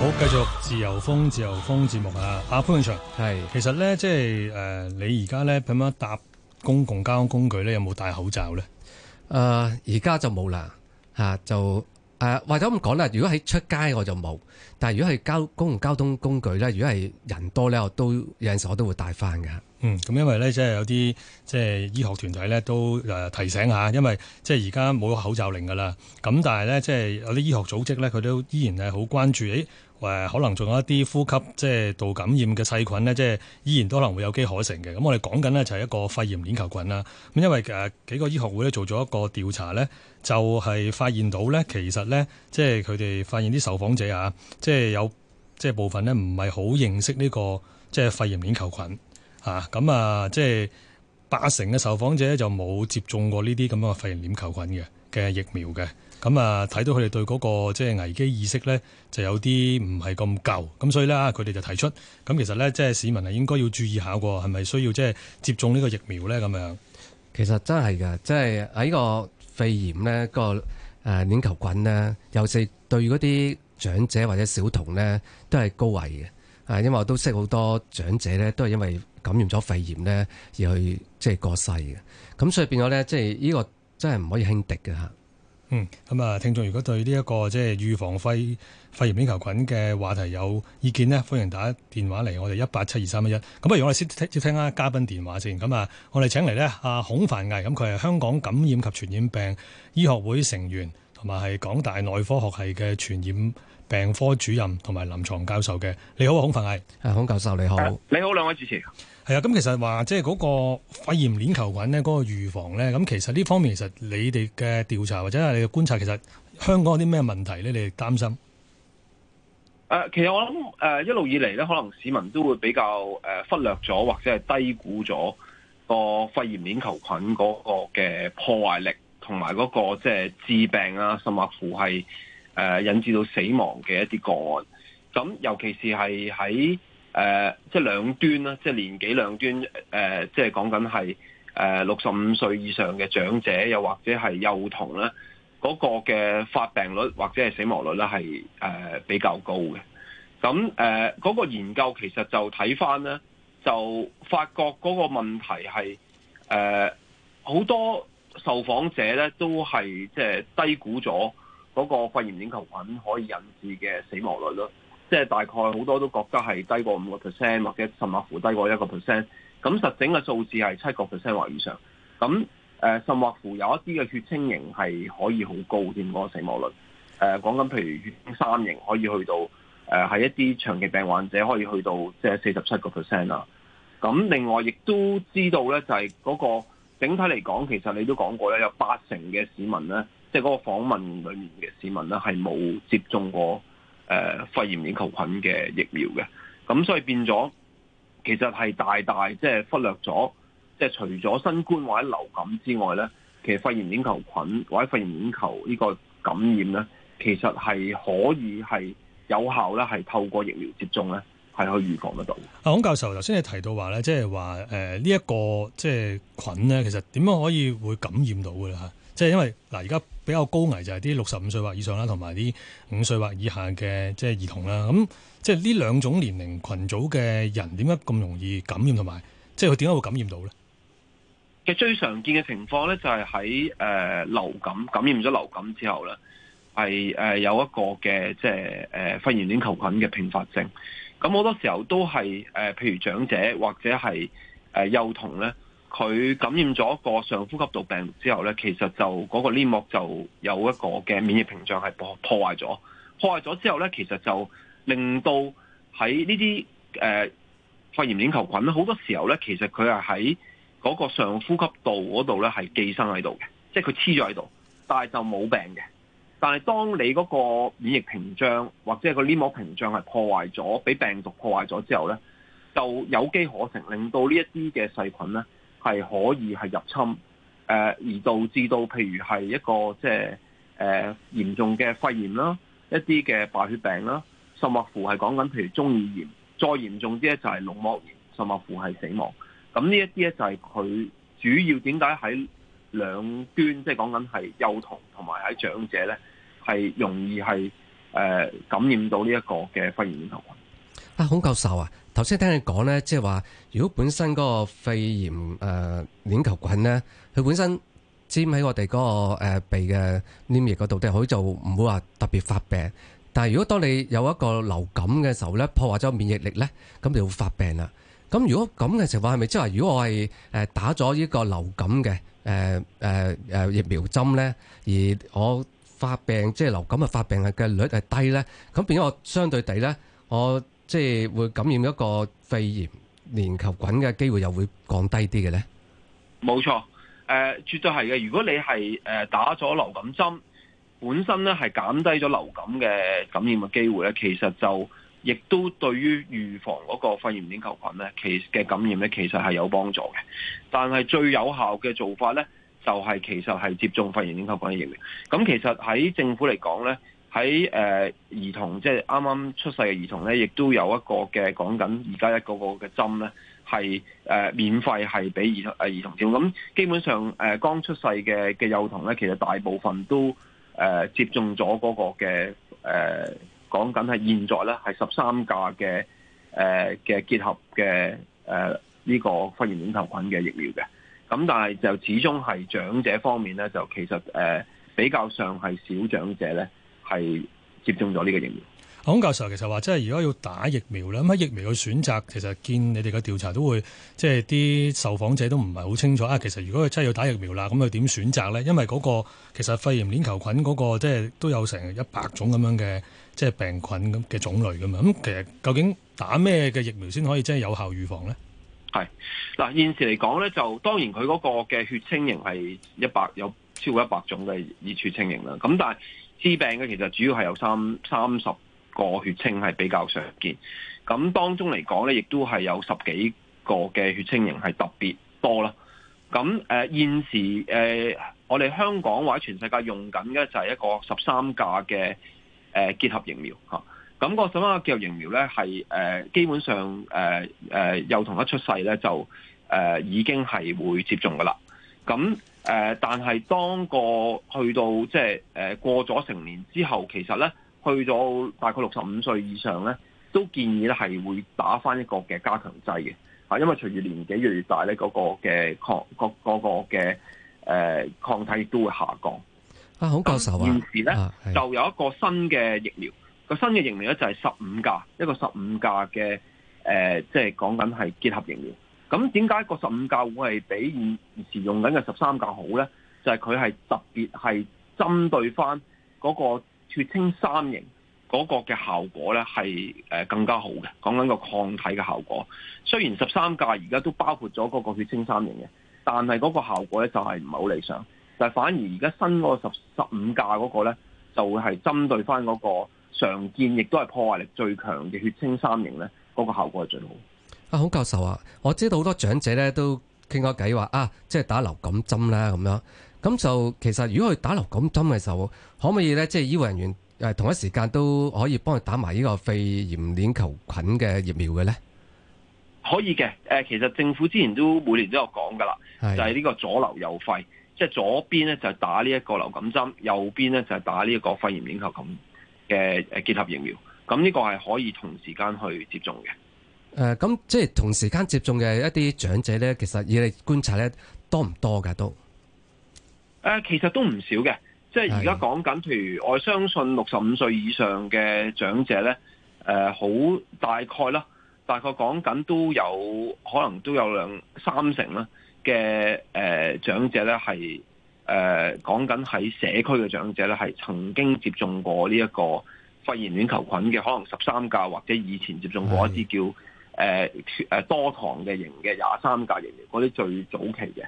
好，繼續自由風自由風節目啊！阿潘永祥，係，其實咧，即係誒、呃，你而家咧咁樣搭公共交通工具咧？有冇戴口罩咧？誒、呃，而家就冇啦吓，就誒，或者咁講啦。如果喺出街我就冇，但係如果係交公共交通工具咧，如果係人多咧，我都有陣時候我都會戴翻噶。嗯，咁因為咧，即係有啲即係醫學團體咧，都誒提醒下，因為即係而家冇口罩令噶啦。咁但係咧，即係有啲醫學組織咧，佢都依然係好關注。誒，可能仲有一啲呼吸即係道感染嘅細菌咧，即係依然都可能會有機可乘嘅。咁我哋講緊呢，就係一個肺炎鏈球菌啦。咁因為誒幾個醫學會咧做咗一個調查咧，就係發現到咧，其實咧即係佢哋發現啲受訪者啊，即係有即係部分咧唔係好認識呢個即係肺炎鏈球菌。啊，咁啊，即係八成嘅受訪者就冇接種過呢啲咁嘅肺炎鏈球菌嘅嘅疫苗嘅，咁啊睇到佢哋對嗰個即係危機意識咧，就有啲唔係咁夠，咁所以咧，佢哋就提出，咁、啊、其實咧，即係市民係應該要注意下喎，係咪需要即係接種呢個疫苗咧？咁樣其實真係㗎，即係喺個肺炎咧、個誒鏈球菌咧，尤其是對嗰啲長者或者小童咧，都係高危嘅。啊，因為我都識好多長者咧，都係因為，感染咗肺炎呢，而去即係過世嘅，咁所以變咗咧，即係呢個真係唔可以輕敵嘅吓，嗯，咁啊，聽眾如果對呢一個即係預防肺肺炎鏈球菌嘅話題有意見呢，歡迎打電話嚟我哋一八七二三一一。咁不如我哋先聽一聽啊，嘉賓電話先。咁啊，我哋請嚟呢阿孔繁毅，咁佢係香港感染及傳染病醫學會成員，同埋係港大內科學系嘅傳染。病科主任同埋臨床教授嘅，你好啊，孔繁毅。啊，孔教授你好。你好，兩位主持。係啊，咁其實話即係嗰個肺炎鏈球菌咧，嗰個預防咧，咁其實呢方面其實你哋嘅調查或者係你嘅觀察，其實香港有啲咩問題咧？你哋擔心？誒，其實我諗誒一路以嚟咧，可能市民都會比較誒忽略咗或者係低估咗個肺炎鏈球菌嗰個嘅破壞力同埋嗰個即係致病啊，甚或乎係。誒，引致到死亡嘅一啲個案，咁尤其是係喺誒，即係兩端啦，即係年紀兩端，誒，即係講緊係誒六十五歲以上嘅長者，又或者係幼童咧，嗰個嘅發病率或者係死亡率咧係誒比較高嘅。咁誒，嗰個研究其實就睇翻咧，就發覺嗰個問題係誒，好多受訪者咧都係即係低估咗。嗰、那個肺炎鏈球菌可以引致嘅死亡率咯，即、就、係、是、大概好多都覺得係低過五個 percent，或者甚或乎低過一個 percent。咁實整嘅數字係七個 percent 或以上。咁誒，甚或乎有一啲嘅血清型係可以好高添嗰個死亡率。誒、呃，講緊譬如血清三型可以去到誒，係、呃、一啲長期病患者可以去到即係四十七個 percent 啦。咁、就是、另外亦都知道咧，就係、是、嗰、那個。整體嚟講，其實你都講過咧，有八成嘅市民咧，即係嗰個訪問裏面嘅市民咧，係冇接種過誒肺炎鏈球菌嘅疫苗嘅。咁所以變咗，其實係大大即係忽略咗，即係除咗新冠或者流感之外咧，其實肺炎鏈球菌或者肺炎鏈球呢個感染咧，其實係可以係有效咧，係透過疫苗接種咧，係可以預防得到的。阿孔教授，頭先你提到話咧，即係話誒呢一個即係菌咧，其實點樣可以會感染到嘅咧？嚇，即係因為嗱，而家比較高危就係啲六十五歲或以上啦，同埋啲五歲或以下嘅即係兒童啦。咁即係呢兩種年齡群組嘅人點解咁容易感染同埋，即係佢點解會感染到咧？其實最常見嘅情況咧，就係喺誒流感感染咗流感之後咧，係誒、呃、有一個嘅即係誒肺炎鏈球菌嘅併發症。咁好多時候都係誒、呃，譬如長者或者係誒、呃、幼童咧，佢感染咗個上呼吸道病毒之後咧，其實就嗰個黏膜就有一個嘅免疫屏障係破破壞咗，破壞咗之後咧，其實就令到喺呢啲誒肺炎鏈球菌咧，好多時候咧，其實佢係喺嗰個上呼吸道嗰度咧係寄生喺度嘅，即係佢黐咗喺度，但係就冇病嘅。但係，當你嗰個免疫屏障或者係個黏膜屏障係破壞咗，俾病毒破壞咗之後呢，就有機可乘，令到呢一啲嘅細菌呢係可以係入侵，而導致到譬如係一個即係誒嚴重嘅肺炎啦，一啲嘅敗血病啦，甚或乎係講緊譬如中耳炎，再嚴重啲咧就係腦膜炎，甚或乎係死亡。咁呢一啲咧就係佢主要點解喺兩端，即係講緊係幼童同埋喺長者呢。係容易係誒、呃、感染到呢一個嘅肺炎鏈球菌啊，孔教授啊，頭先聽你講咧，即係話如果本身嗰個肺炎誒鏈、呃、球菌咧，佢本身沾喺我哋嗰、嗰個誒、呃、鼻嘅黏液嗰度，咧佢就唔會話特別發病。但係如果當你有一個流感嘅時候咧，破壞咗免疫力咧，咁就會發病啦。咁如果咁嘅情況係咪即係話是是是，如果我係誒打咗呢個流感嘅誒誒誒疫苗針咧，而我？發病即係流感嘅發病係嘅率係低呢？咁變咗我相對地呢，我即係會感染一個肺炎鏈球菌嘅機會又會降低啲嘅呢。冇錯，誒、呃、絕對係嘅。如果你係誒打咗流感針，本身呢係減低咗流感嘅感染嘅機會呢，其實就亦都對於預防嗰個肺炎鏈球菌呢，其嘅感染呢，其實係有幫助嘅。但係最有效嘅做法呢，就係、是、其實係接種肺炎鏈球菌嘅疫苗。咁其實喺政府嚟講咧，喺誒、呃、兒童即係啱啱出世嘅兒童咧，亦都有一個嘅講緊，而家一個個嘅針咧係誒免費係俾兒誒兒童添。咁基本上誒、呃、剛出世嘅嘅幼童咧，其實大部分都誒、呃、接種咗嗰個嘅誒講緊係現在咧係十三價嘅誒嘅結合嘅誒呢個肺炎鏈球菌嘅疫苗嘅。咁但係就始終係長者方面咧，就其實誒、呃、比較上係少長者咧係接種咗呢個疫苗。孔教授其實話，即係如果要打疫苗咧，咁喺疫苗嘅選擇，其實見你哋嘅調查都會，即係啲受訪者都唔係好清楚啊。其實如果佢真係要打疫苗啦，咁佢點選擇咧？因為嗰個其實肺炎鏈球菌嗰個即係都有成一百種咁樣嘅即係病菌咁嘅種類咁樣。咁其實究竟打咩嘅疫苗先可以真係有效預防咧？係嗱，現時嚟講咧，就當然佢嗰個嘅血清型係一百有超過一百種嘅熱血清型啦。咁但係致病嘅，其實主要係有三三十個血清係比較常見。咁當中嚟講咧，亦都係有十幾個嘅血清型係特別多啦。咁誒、呃，現時誒、呃，我哋香港或者全世界用緊嘅就係一個十三價嘅誒結合疫苗吓。咁、那個什麼嘅疫苗咧，係、呃、誒基本上誒誒、呃呃、幼童一出世咧，就、呃、誒已經係會接種噶啦。咁誒、呃，但係當個去到即係誒、呃、過咗成年之後，其實咧去咗大概六十五歲以上咧，都建議咧係會打翻一個嘅加強劑嘅，因為隨住年紀越嚟越大咧，嗰、那個嘅抗、那個各嘅誒抗體亦都會下降。啊，孔教授啊！現時咧就有一個新嘅疫苗。個新嘅疫苗咧就係十五價，一個十五價嘅誒，即係講緊係結合疫苗。咁點解個十五價會係比以前用緊嘅十三價好咧？就係佢係特別係針對翻嗰個血清三型嗰個嘅效果咧，係誒更加好嘅。講緊個抗體嘅效果，雖然十三價而家都包括咗嗰個血清三型嘅，但係嗰個效果咧就係唔係好理想。但係反而而家新嗰個十十五價嗰個咧，就會係針對翻嗰個，常見亦都係破壞力最強嘅血清三型咧，嗰個效果係最好。啊，孔教授啊，我知道好多長者咧都傾過偈話啊，即係打流感針啦咁樣。咁就其實如果佢打流感針嘅時候，可唔可以咧即係醫護人員誒同一時間都可以幫佢打埋呢個肺炎鏈球菌嘅疫苗嘅咧？可以嘅，誒，其實政府之前都每年都有講噶啦，就係呢個左流右肺，即係左邊咧就係打呢一個流感針，右邊咧就係打呢一個肺炎鏈球菌。嘅誒結合疫苗，咁呢個係可以同時間去接種嘅。誒、呃，咁即係同時間接種嘅一啲長者咧，其實以你觀察咧，多唔多㗎都？誒、呃，其實都唔少嘅。即係而家講緊，譬如我相信六十五歲以上嘅長者咧，誒、呃、好大概啦，大概講緊都有可能都有兩三成啦嘅誒長者咧係。誒講緊喺社區嘅長者咧，係曾經接種過呢一個肺炎鏈球菌嘅，可能十三價或者以前接種過一啲叫、呃、多糖嘅型嘅廿三價型，嗰啲最早期嘅。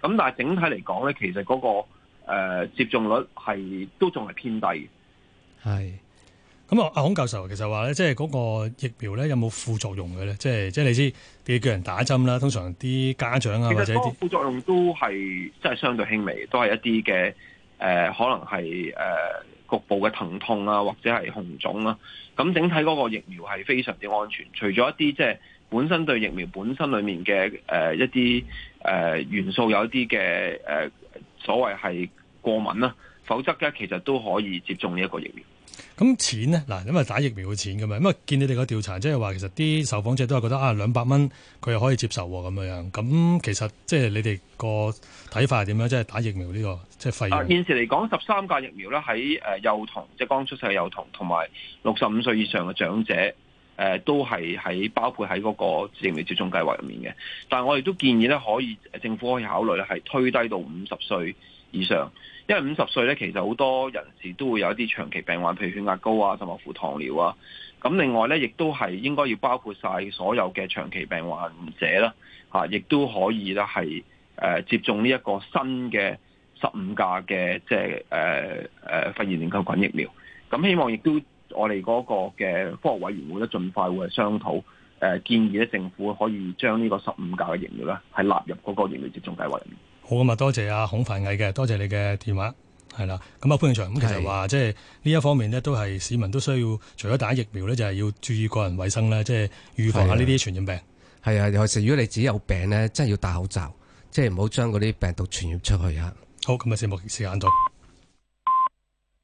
咁但係整體嚟講咧，其實嗰、個、呃、接種率係都仲係偏低嘅，係。咁啊，阿孔教授其實話咧，即係嗰個疫苗咧有冇副作用嘅咧？即係即係你知，你叫人打針啦，通常啲家長啊或者啲副作用都係即係相對輕微，都係一啲嘅誒，可能係誒、呃、局部嘅疼痛啊，或者係紅腫啦。咁整體嗰個疫苗係非常之安全，除咗一啲即係本身對疫苗本身裏面嘅誒、呃、一啲誒、呃、元素有一啲嘅誒所謂係過敏啦，否則咧其實都可以接種呢一個疫苗。咁錢呢？嗱，因為打疫苗嘅錢咁啊，因為見你哋個調查，即係話其實啲受訪者都係覺得啊，兩百蚊佢又可以接受咁樣。咁其實即係你哋個睇法係點樣？即係打疫苗呢個即係費用？啊，現時嚟講，十三價疫苗咧喺誒幼童，即係剛出世嘅幼童，同埋六十五歲以上嘅長者，誒都係喺包括喺嗰個疫苗接種計劃入面嘅。但係我亦都建議咧，可以政府可以考慮咧，係推低到五十歲以上。因為五十歲咧，其實好多人士都會有一啲長期病患，譬如血壓高啊，甚至乎糖尿啊。咁另外咧，亦都係應該要包括晒所有嘅長期病患者啦。嚇，亦都可以咧係誒接種呢一個新嘅十五價嘅，即係誒誒肺炎鏈球菌疫苗。咁希望亦都我哋嗰個嘅科學委員會咧，盡快會係商討誒、呃、建議咧，政府可以將呢個十五價嘅疫苗咧，係納入嗰個疫苗接種計劃入面。好咁啊，多謝阿孔繁毅嘅，多謝你嘅電話，係啦。咁啊，潘永祥咁其實話，即係呢一方面咧，都係市民都需要，除咗打疫苗咧，就係要注意個人衛生啦，即係預防下呢啲傳染病。係啊，尤其是如果你自己有病咧，真係要戴口罩，即係唔好將嗰啲病毒傳染出去啊。好，咁啊，節目時間到。